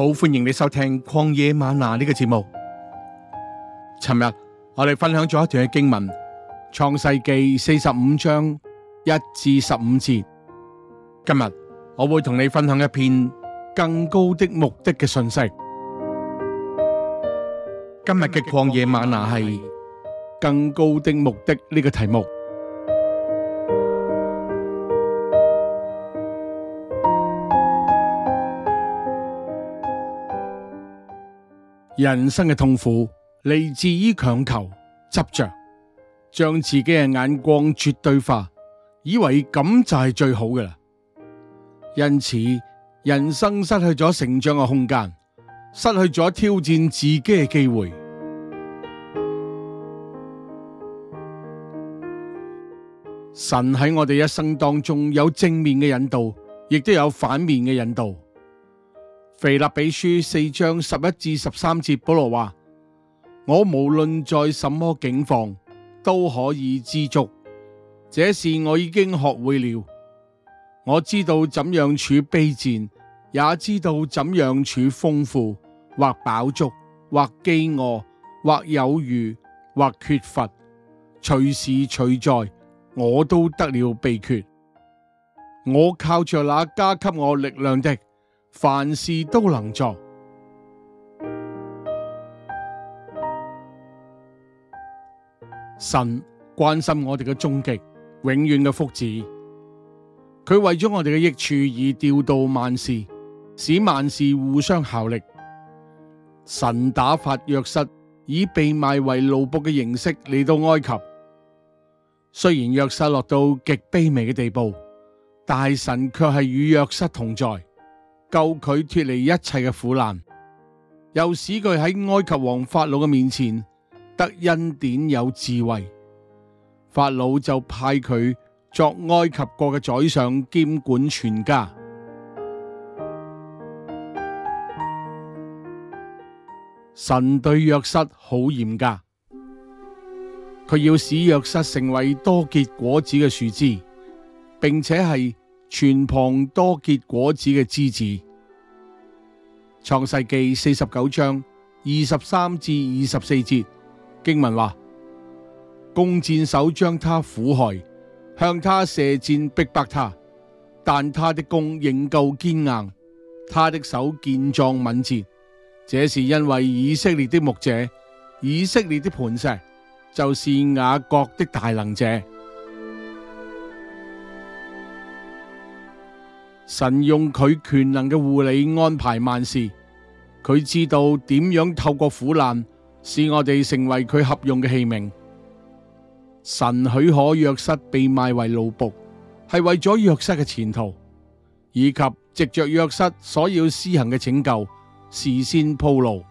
好歡迎你收聽曠野嗎哪呢個節目。尋日我哋分享咗一段嘅經文《創世記》四十五章一至十五節。今日我會同你分享一篇更高的目的嘅信息。今日嘅曠野嗎哪係更高的目的呢個題目。人生嘅痛苦嚟自於強求、執着，將自己嘅眼光絕對化，以為咁就係最好嘅啦。因此，人生失去咗成長嘅空間，失去咗挑戰自己嘅機會。神喺我哋一生當中有正面嘅引導，亦都有反面嘅引導。腓立比書四章十一至十三節，保羅話：我無論在什麼境況都可以知足，這是我已經學會了。我知道怎樣處卑賤，也知道怎樣處豐富，或飽足，或飢餓，或有餘，或缺乏，隨時隨在，我都得了秘訣。我靠着那加給我力量的。凡事都能做，神關心我哋嘅終極，永遠嘅福祉。佢為咗我哋嘅益處而調度萬事，使萬事互相效力。神打發約瑟以被賣為奴僕嘅形式嚟到埃及，雖然約瑟落到極卑微嘅地步，但係神卻係與約瑟同在。救佢脫離一切嘅苦難，又使佢喺埃及王法老嘅面前得恩典、有智慧，法老就派佢作埃及國嘅宰相，兼管全家。神對約瑟好嚴格，佢要使約瑟成為多結果子嘅樹枝，並且係。全旁多結果子嘅枝子。創世記四十九章二十三至二十四節經文話：弓箭手將他苦害，向他射箭逼迫他，但他的弓仍舊堅硬，他的手健壯敏捷。這是因為以色列的牧者，以色列的磐石，就是雅各的大能者。神用佢權能嘅護理安排萬事，佢知道點樣透過苦難使我哋成為佢合用嘅器皿。神許可約瑟被賣為奴僕，係為咗約瑟嘅前途，以及藉着約瑟所要施行嘅拯救，事先鋪路，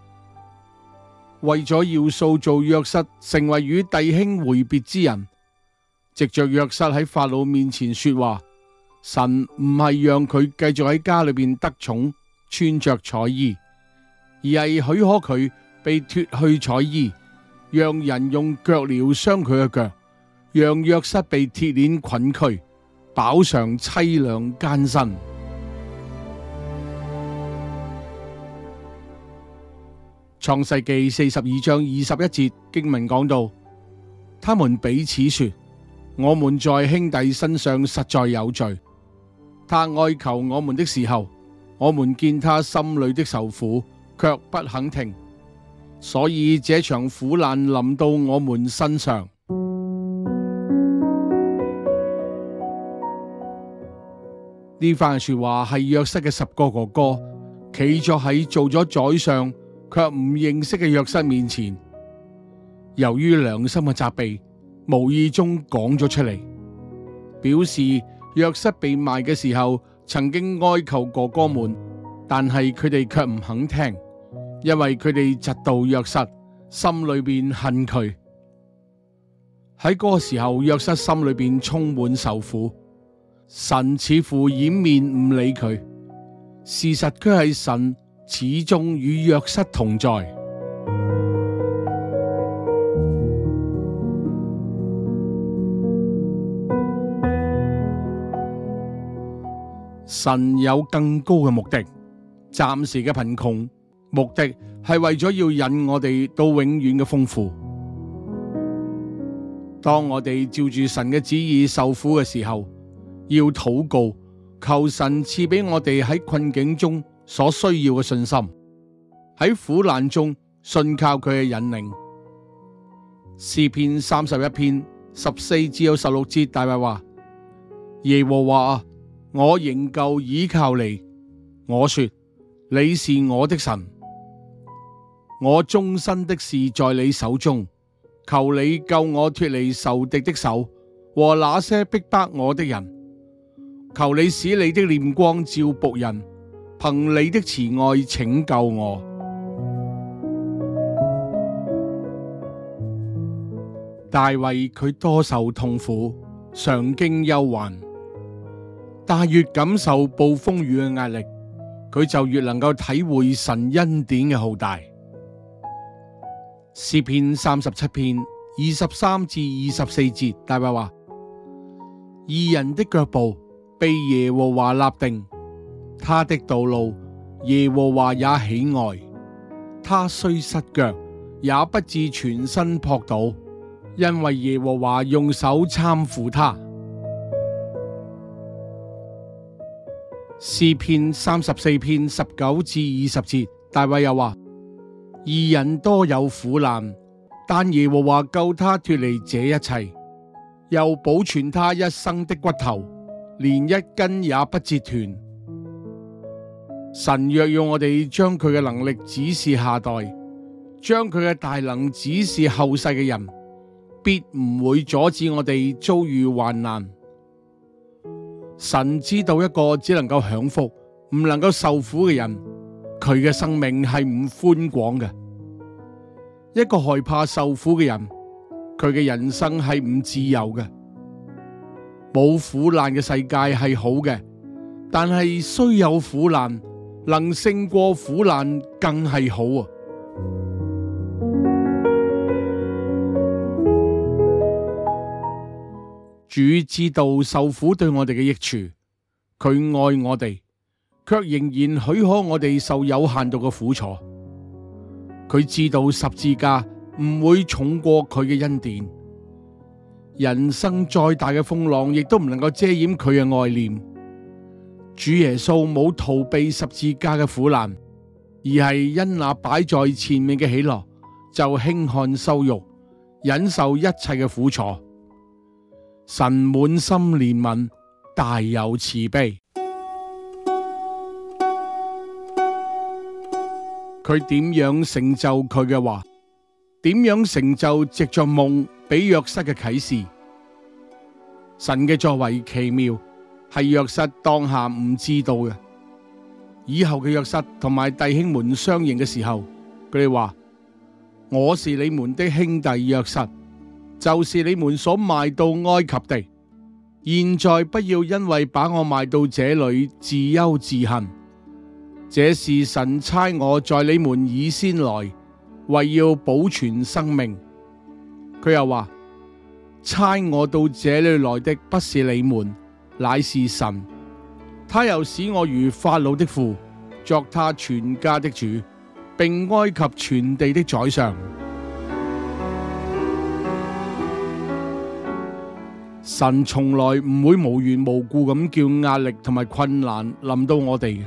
為咗要塑造約瑟成為與弟兄回別之人，藉着約瑟喺法老面前說話。神唔係讓佢繼續喺家裏邊得寵，穿着彩衣，而係許可佢被脫去彩衣，讓人用腳鐐傷佢嘅腳，讓約瑟被鐵鏈捆拘，飽嘗淒涼艱辛。創世記四十二章二十一節經文講到，他們彼此說：我們在兄弟身上實在有罪。他哀求我們的時候，我們見他心裏的受苦，却不肯停，所以這場苦難臨到我們身上。呢番說話係約瑟嘅十個哥哥，企咗喺做咗宰相却唔認識嘅約瑟面前，由於良心嘅責備，無意中講咗出嚟，表示。約瑟被賣嘅時候，曾經哀求哥哥們，但係佢哋却唔肯聽，因為佢哋嫉妒約瑟，心裏面恨佢。喺嗰個時候，約瑟心裏面充滿受苦，神似乎掩面唔理佢。事實却係神始終與約瑟同在。神有更高嘅目的，暫時嘅貧窮目的係為咗要引我哋到永遠嘅豐富。當我哋照住神嘅旨意受苦嘅時候，要禱告，求神賜俾我哋喺困境中所需要嘅信心，喺苦難中信靠佢嘅引領。詩篇三十一篇十四至到十六節大衛話：耶和華啊！我仍舊倚靠你，我說你是我的神，我終身的事在你手中，求你救我脫離仇敵的手和那些逼迫我的人，求你使你的臉光照僕人，憑你的慈愛拯救我。大衛佢多受痛苦，常經憂患。但越感受暴風雨嘅壓力，佢就越能夠體會神恩典嘅浩大。詩篇三十七篇二十三至二十四節，大衛話：義人的腳步被耶和華立定，他的道路耶和華也喜愛。他雖失腳，也不至全身仆倒，因為耶和華用手攙扶他。詩篇三十四篇十九至二十節，大衛又話：二人多有苦難，但耶和華救他脫離這一切，又保存他一生的骨頭，連一根也不折斷。神若要我哋將佢嘅能力指示下代，將佢嘅大能指示後世嘅人，必唔會阻止我哋遭遇患難。神知道一個只能夠享福，唔能夠受苦嘅人，佢嘅生命係唔寬廣嘅；一個害怕受苦嘅人，佢嘅人生係唔自由嘅。冇苦難嘅世界係好嘅，但係雖有苦難，能勝過苦難更係好啊！主知道受苦對我哋嘅益處，佢愛我哋，卻仍然許可我哋受有限度嘅苦楚。佢知道十字架唔會重過佢嘅恩典，人生再大嘅風浪亦都唔能夠遮掩佢嘅愛念。主耶穌冇逃避十字架嘅苦難，而係因那擺在前面嘅喜樂，就輕看羞辱，忍受一切嘅苦楚。神滿心憐憫，大有慈悲。佢點樣成就佢嘅話？點樣成就藉着夢俾約瑟嘅啟示？神嘅作為奇妙，係約瑟當下唔知道嘅。以後嘅約瑟同埋弟兄們相認嘅時候，佢哋話：我是你們的兄弟約瑟。就是你們所賣到埃及的，現在不要因為把我賣到這裏自憂自恨。這是神差我在你們以先來，為要保存生命。佢又話：差我到這裏來的不是你們，乃是神。他又使我如法老的父，作他全家的主，並埃及全地的宰相。神從來唔會無緣無故咁叫壓力同埋困難臨到我哋嘅，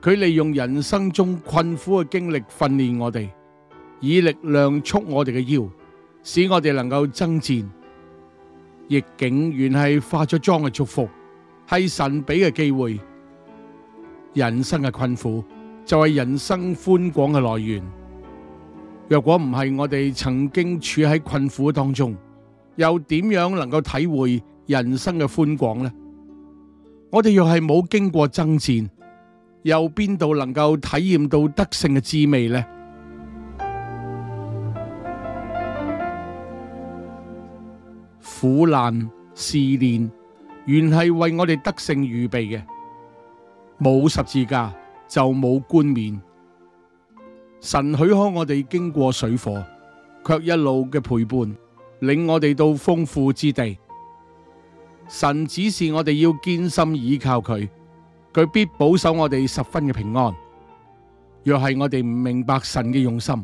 佢利用人生中困苦嘅經歷訓練我哋，以力量束我哋嘅腰，使我哋能夠征戰。逆境原係化咗妝嘅祝福，係神俾嘅機會。人生嘅困苦就係人生寬廣嘅來源。若果唔係我哋曾經處喺困苦當中。又點樣能夠體會人生嘅寬廣呢？我哋若係冇經過爭戰，又邊度能夠體驗到得勝嘅滋味呢？苦難試煉原係為我哋得勝預備嘅，冇十字架就冇冠冕。神許可我哋經過水火，卻一路嘅陪伴。領我哋到豐富之地，神指示我哋要堅心倚靠佢，佢必保守我哋十分嘅平安。若係我哋唔明白神嘅用心，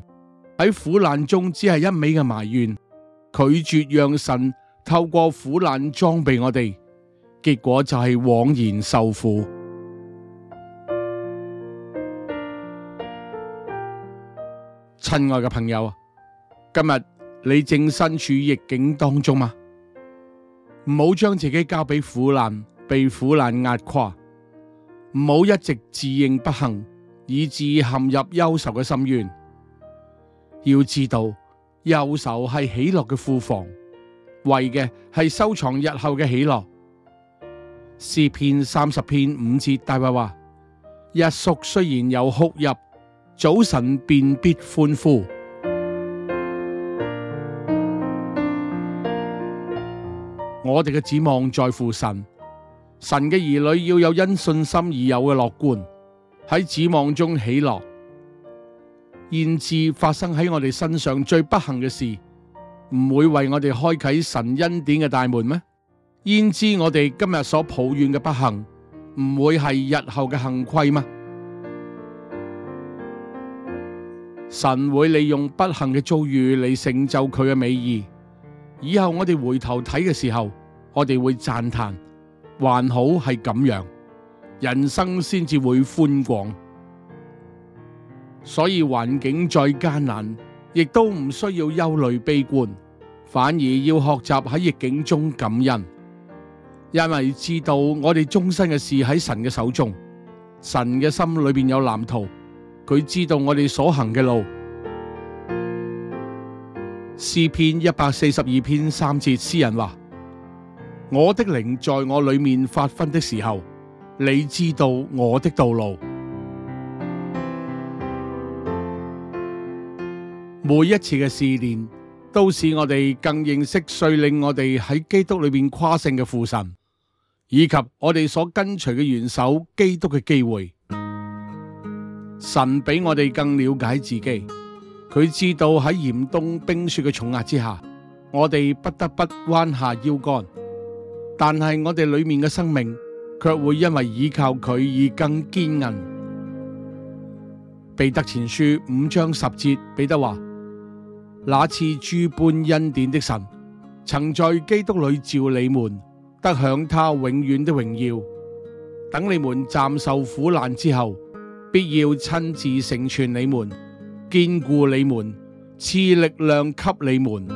喺苦難中只係一味嘅埋怨，拒絕讓神透過苦難裝備我哋，結果就係枉然受苦。親愛嘅朋友，今日。你正身處逆境當中嗎、啊？唔好將自己交俾苦難，被苦難壓垮。唔好一直自認不幸，以致陷入憂愁嘅深淵。要知道，憂愁係喜樂嘅庫房，為嘅係收藏日後嘅喜樂。詩篇三十篇五節大衛話：一宿雖然有哭泣，早晨便必歡呼。我哋嘅指望在乎神，神嘅兒女要有因信心而有嘅樂觀，喺指望中喜樂。現時發生喺我哋身上最不幸嘅事，唔會為我哋開啟神恩典嘅大門咩？現時我哋今日所抱怨嘅不幸，唔會係日後嘅幸虧咩？神會利用不幸嘅遭遇嚟成就佢嘅美意。以後我哋回頭睇嘅時候，我哋會讚嘆還好係咁樣，人生先至會寬廣。所以環境再艱難，亦都唔需要憂慮悲觀，反而要學習喺逆境中感恩，因為知道我哋終身嘅事喺神嘅手中，神嘅心裏面有藍圖，佢知道我哋所行嘅路。詩篇一百四十二篇三節，詩人話：我的靈在我裏面發昏的時候，你知道我的道路。每一次嘅試煉，都使我哋更認識率領我哋喺基督裏面誇勝嘅父神，以及我哋所跟隨嘅元首基督嘅機會。神俾我哋更了解自己。佢知道喺嚴冬冰雪嘅重壓之下，我哋不得不彎下腰杆，但係我哋裏面嘅生命卻會因為倚靠佢而更堅韌。彼得前書五章十節，彼得話：那次諸般恩典的神，曾在基督裏召你們得享他永遠的榮耀。等你們暫受苦難之後，必要親自成全你們。堅固你們，賜力量給你們，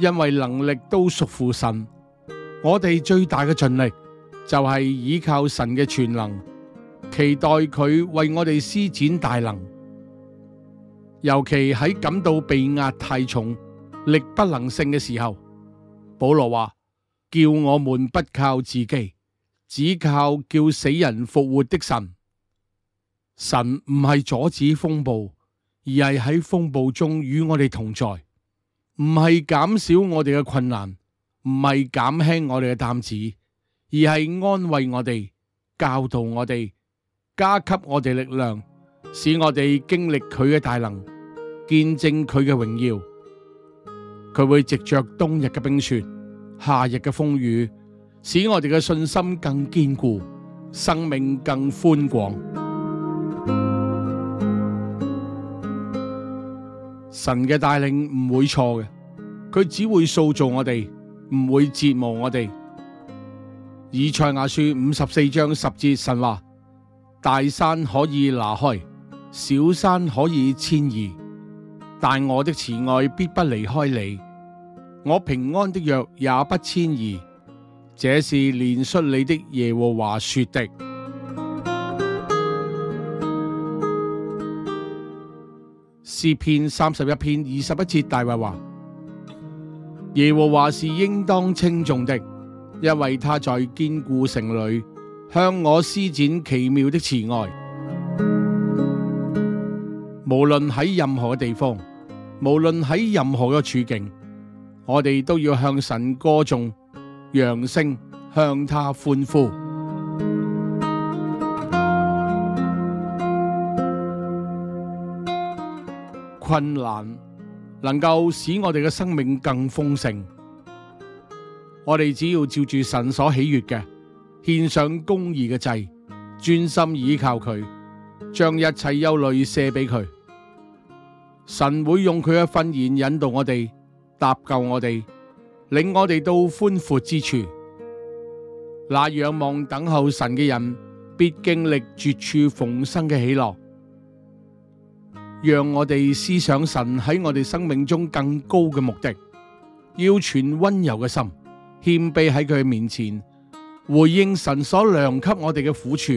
因為能力都屬乎神。我哋最大嘅盡力就係依靠神嘅全能，期待佢為我哋施展大能。尤其喺感到被壓太重、力不能勝嘅時候，保羅話叫我們不靠自己。只靠叫死人復活的神，神唔係阻止風暴，而係喺風暴中與我哋同在；唔係減少我哋嘅困難，唔係減輕我哋嘅擔子，而係安慰我哋、教導我哋、加給我哋力量，使我哋經歷佢嘅大能，見證佢嘅榮耀。佢會藉著冬日嘅冰雪、夏日嘅風雨。使我哋嘅信心更堅固，生命更寬廣。神嘅帶領唔會錯嘅，佢只會塑造我哋，唔會折磨我哋。以賽亞書五十四章十節神話：大山可以拿開，小山可以遷移，但我的慈愛必不離開你，我平安的約也不遷移。這是連述你的耶和華說的。詩篇三十一篇二十一節，大衛話，耶和華是應當稱頌的，因為他在堅固城裏向我施展奇妙的慈愛。無論喺任何的地方，無論喺任何嘅處境，我哋都要向神歌頌，揚聲向他歡呼。困難能夠使我哋嘅生命更豐盛。我哋只要照住神所喜悅嘅，獻上公義嘅祭，專心倚靠佢，將一切憂慮卸俾佢。神會用佢嘅訓言引導我哋，搭救我哋。令我哋到寬闊之處，那仰望等候神嘅人，必經歷絕處逢生嘅喜樂。讓我哋思想神喺我哋生命中更高嘅目的，要存温柔嘅心，謙卑喺佢面前，回應神所量給我哋嘅苦處，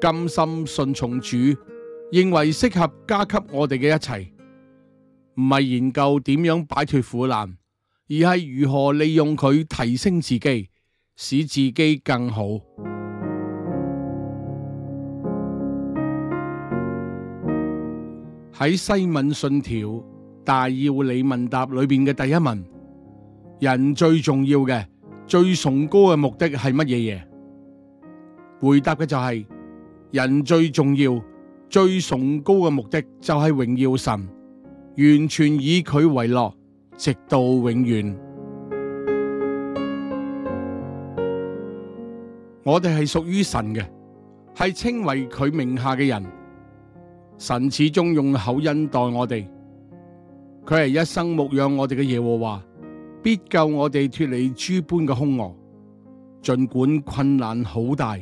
甘心順從主，認為適合加給我哋嘅一切，唔係研究點樣擺脫苦難。而係如何利用佢提升自己，使自己更好。喺西敏信條大要理問答裏面嘅第一問：人最重要嘅、最崇高嘅目的係乜嘢嘢？回答嘅就係、是：人最重要、最崇高嘅目的就係榮耀神，完全以佢為樂。直到永遠，我哋係屬於神嘅，係稱為佢名下嘅人。神始終用口恩待我哋，佢係一生牧養我哋嘅耶和華，必救我哋脱離諸般嘅凶惡。盡管困難好大，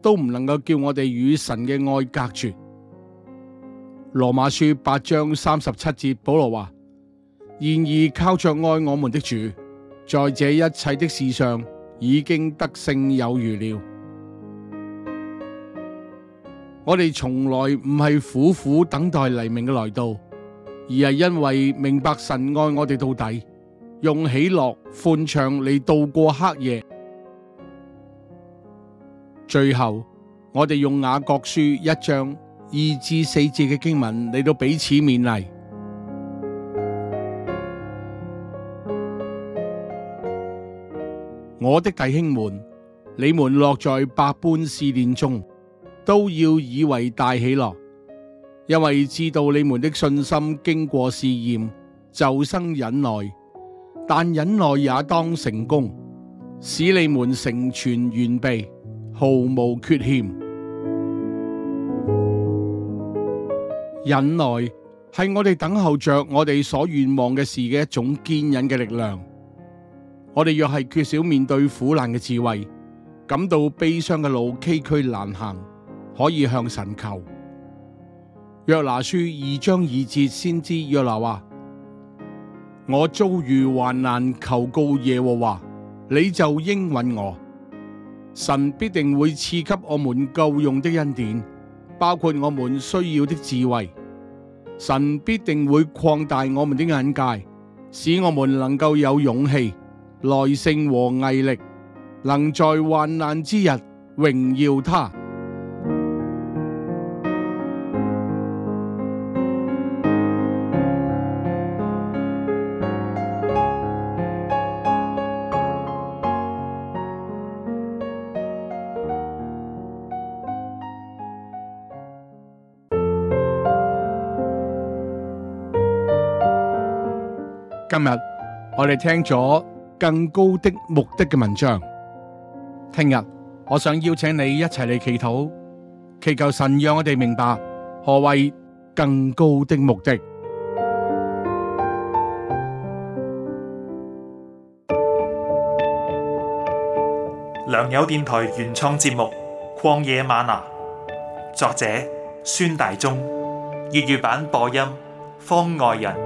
都唔能夠叫我哋與神嘅愛隔絕。羅馬書八章三十七節，保羅話。然而靠着愛我們的主，在這一切的事上已經得勝有餘了。我哋從來唔係苦苦等待黎明嘅來到，而係因為明白神愛我哋到底，用喜樂歡唱嚟度過黑夜。最後，我哋用雅各書一章二至四節嘅經文嚟到彼此勉勵。我的弟兄們，你們落在百般試煉中，都要以為大喜樂，因為知道你們的信心經過試驗，就生忍耐。但忍耐也當成功，使你們成全完備，毫無缺欠。忍耐係我哋等候着我哋所願望嘅事嘅一種堅忍嘅力量。我哋若係缺少面對苦難嘅智慧，感到悲傷嘅路崎嶇難行，可以向神求。約拿書二章二節先知約拿話：我遭遇患難，求告耶和華，你就應允我。神必定會賜給我們夠用的恩典，包括我們需要的智慧。神必定會擴大我們的眼界，使我們能夠有勇氣。耐性和毅力，能在患難之日榮耀他。今日我哋聽咗更高的目的嘅文章，聽日我想邀請你一齊嚟祈禱，祈求神讓我哋明白何謂更高的目的。良友電台原創節目《曠野嗎哪》，作者孫大中，粵語版播音方外人。